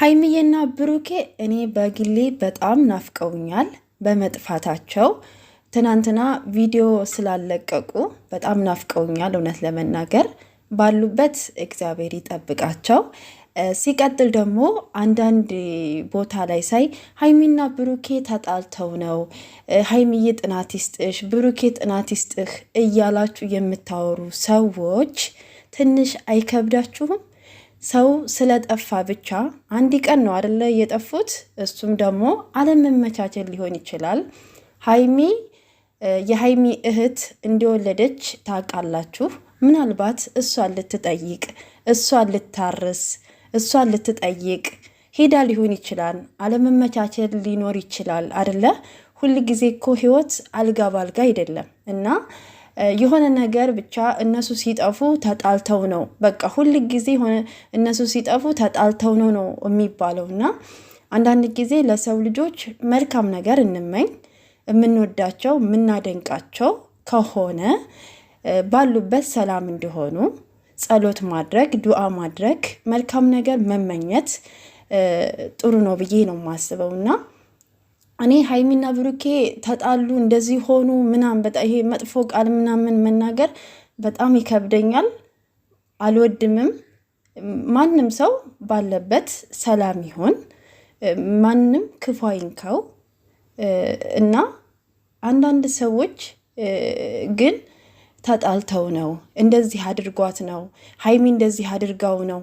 ሀይሚዬና ብሩኬ እኔ በግሌ በጣም ናፍቀውኛል በመጥፋታቸው። ትናንትና ቪዲዮ ስላለቀቁ በጣም ናፍቀውኛል። እውነት ለመናገር ባሉበት እግዚአብሔር ይጠብቃቸው። ሲቀጥል ደግሞ አንዳንድ ቦታ ላይ ሳይ ሀይሚና ብሩኬ ተጣልተው ነው፣ ሀይሚዬ ጥናት ይስጥሽ፣ ብሩኬ ጥናት ይስጥህ እያላችሁ የምታወሩ ሰዎች ትንሽ አይከብዳችሁም? ሰው ስለጠፋ ብቻ አንድ ቀን ነው አደለ የጠፉት። እሱም ደግሞ አለመመቻቸል ሊሆን ይችላል። ሀይሚ የሀይሚ እህት እንደወለደች ታውቃላችሁ። ምናልባት እሷን ልትጠይቅ እሷን ልታርስ እሷን ልትጠይቅ ሄዳ ሊሆን ይችላል። አለመመቻቸል ሊኖር ይችላል አደለ። ሁል ጊዜ እኮ ህይወት አልጋ ባልጋ አይደለም እና የሆነ ነገር ብቻ እነሱ ሲጠፉ ተጣልተው ነው በቃ ሁል ጊዜ ሆነ እነሱ ሲጠፉ ተጣልተው ነው ነው የሚባለው። እና አንዳንድ ጊዜ ለሰው ልጆች መልካም ነገር እንመኝ የምንወዳቸው የምናደንቃቸው ከሆነ ባሉበት ሰላም እንዲሆኑ ጸሎት ማድረግ፣ ዱዓ ማድረግ፣ መልካም ነገር መመኘት ጥሩ ነው ብዬ ነው የማስበው እና እኔ ሀይሚና ብሩኬ ተጣሉ እንደዚህ ሆኑ ምናም በጣም ይሄ መጥፎ ቃል ምናምን መናገር በጣም ይከብደኛል፣ አልወድምም። ማንም ሰው ባለበት ሰላም ይሆን፣ ማንም ክፉ አይንካው እና አንዳንድ ሰዎች ግን ተጣልተው ነው እንደዚህ አድርጓት ነው ሀይሚ እንደዚህ አድርጋው ነው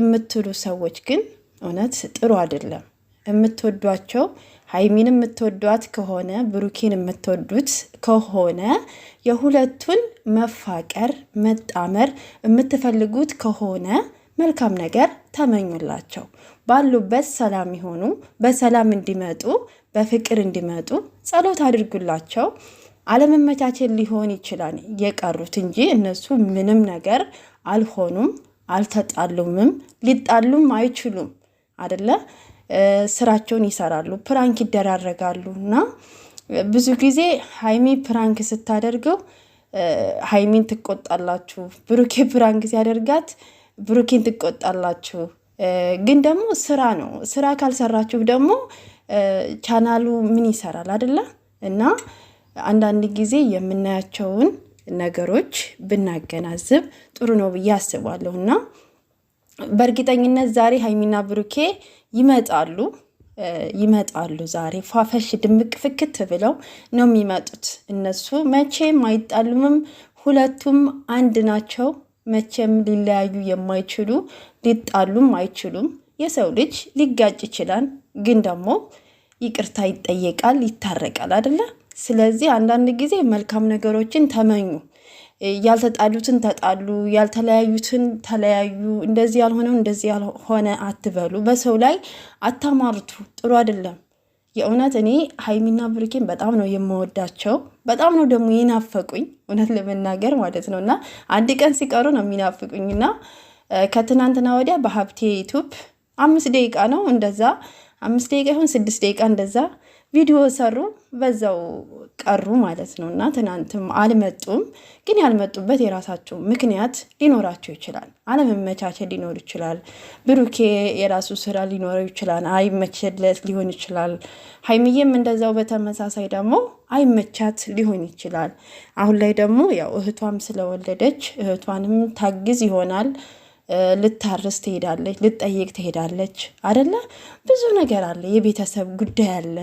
የምትሉ ሰዎች ግን እውነት ጥሩ አይደለም። የምትወዷቸው ሀይሚን የምትወዷት ከሆነ ብሩኪን የምትወዱት ከሆነ የሁለቱን መፋቀር መጣመር የምትፈልጉት ከሆነ መልካም ነገር ተመኙላቸው። ባሉበት ሰላም ይሆኑ፣ በሰላም እንዲመጡ፣ በፍቅር እንዲመጡ ጸሎት አድርጉላቸው። አለመመቻቸት ሊሆን ይችላል የቀሩት እንጂ እነሱ ምንም ነገር አልሆኑም፣ አልተጣሉምም፣ ሊጣሉም አይችሉም አደለ። ስራቸውን ይሰራሉ፣ ፕራንክ ይደራረጋሉ እና ብዙ ጊዜ ሀይሚ ፕራንክ ስታደርገው ሀይሚን ትቆጣላችሁ፣ ብሩኬ ፕራንክ ሲያደርጋት ብሩኬን ትቆጣላችሁ። ግን ደግሞ ስራ ነው። ስራ ካልሰራችሁ ደግሞ ቻናሉ ምን ይሰራል አይደለ? እና አንዳንድ ጊዜ የምናያቸውን ነገሮች ብናገናዝብ ጥሩ ነው ብዬ አስባለሁ እና በእርግጠኝነት ዛሬ ሀይሚና ብሩኬ ይመጣሉ ይመጣሉ ዛሬ ፏፈሽ ድምቅ ፍክት ብለው ነው የሚመጡት። እነሱ መቼም አይጣሉምም። ሁለቱም አንድ ናቸው። መቼም ሊለያዩ የማይችሉ ሊጣሉም አይችሉም። የሰው ልጅ ሊጋጭ ይችላል፣ ግን ደግሞ ይቅርታ ይጠየቃል፣ ይታረቃል አይደለ? ስለዚህ አንዳንድ ጊዜ መልካም ነገሮችን ተመኙ። ያልተጣሉትን ተጣሉ፣ ያልተለያዩትን ተለያዩ፣ እንደዚህ ያልሆነው እንደዚህ ያልሆነ አትበሉ። በሰው ላይ አታማርቱ፣ ጥሩ አይደለም። የእውነት እኔ ሀይሚና ብሩኬን በጣም ነው የምወዳቸው። በጣም ነው ደግሞ የናፈቁኝ እውነት ለመናገር ማለት ነው። እና አንድ ቀን ሲቀሩ ነው የሚናፍቁኝ። እና ከትናንትና ወዲያ በሀብቴ ዩቱብ አምስት ደቂቃ ነው እንደዛ፣ አምስት ደቂቃ ይሁን ስድስት ደቂቃ እንደዛ ቪዲዮ ሰሩ። በዛው ቀሩ ማለት ነው እና ትናንትም አልመጡም። ግን ያልመጡበት የራሳቸው ምክንያት ሊኖራቸው ይችላል። አለመመቻቸት ሊኖር ይችላል። ብሩኬ የራሱ ስራ ሊኖረው ይችላል፣ አይመችለት ሊሆን ይችላል። ሀይሚዬም እንደዛው በተመሳሳይ ደግሞ አይመቻት ሊሆን ይችላል። አሁን ላይ ደግሞ ያው እህቷም ስለወለደች እህቷንም ታግዝ ይሆናል ልታርስ ትሄዳለች፣ ልጠይቅ ትሄዳለች። አደለ ብዙ ነገር አለ፣ የቤተሰብ ጉዳይ አለ፣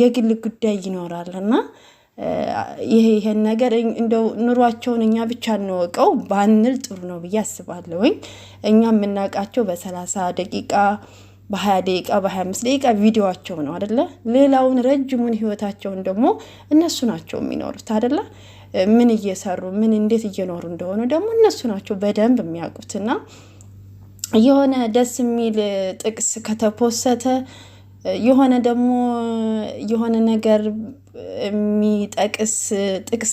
የግል ጉዳይ ይኖራል እና ይሄን ነገር እንደው ኑሯቸውን እኛ ብቻ እንወቀው ባንል ጥሩ ነው ብዬ አስባለሁኝ። እኛ የምናውቃቸው በሰላሳ ደቂቃ በሀያ ደቂቃ በሀያ አምስት ደቂቃ ቪዲዮቸው ነው አደለ። ሌላውን ረጅሙን ህይወታቸውን ደግሞ እነሱ ናቸው የሚኖሩት አደለ። ምን እየሰሩ ምን እንዴት እየኖሩ እንደሆኑ ደግሞ እነሱ ናቸው በደንብ የሚያውቁትና የሆነ ደስ የሚል ጥቅስ ከተፖሰተ የሆነ ደግሞ የሆነ ነገር የሚጠቅስ ጥቅስ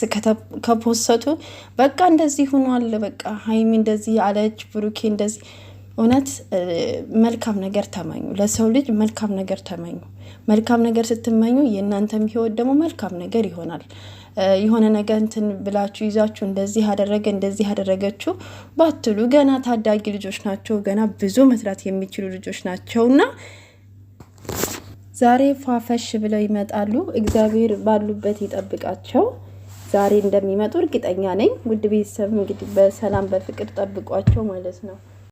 ከፖሰቱ በቃ እንደዚህ ሆኗል፣ በቃ ሀይሚ እንደዚህ አለች፣ ብሩኬ እንደዚህ። እውነት መልካም ነገር ተመኙ፣ ለሰው ልጅ መልካም ነገር ተመኙ። መልካም ነገር ስትመኙ የእናንተም ህይወት ደግሞ መልካም ነገር ይሆናል። የሆነ ነገር እንትን ብላችሁ ይዛችሁ እንደዚህ አደረገ እንደዚህ አደረገችው ባትሉ ገና ታዳጊ ልጆች ናቸው። ገና ብዙ መስራት የሚችሉ ልጆች ናቸውና ዛሬ ፏፈሽ ብለው ይመጣሉ። እግዚአብሔር ባሉበት ይጠብቃቸው። ዛሬ እንደሚመጡ እርግጠኛ ነኝ። ውድ ቤተሰብ እንግዲህ በሰላም በፍቅር ጠብቋቸው ማለት ነው።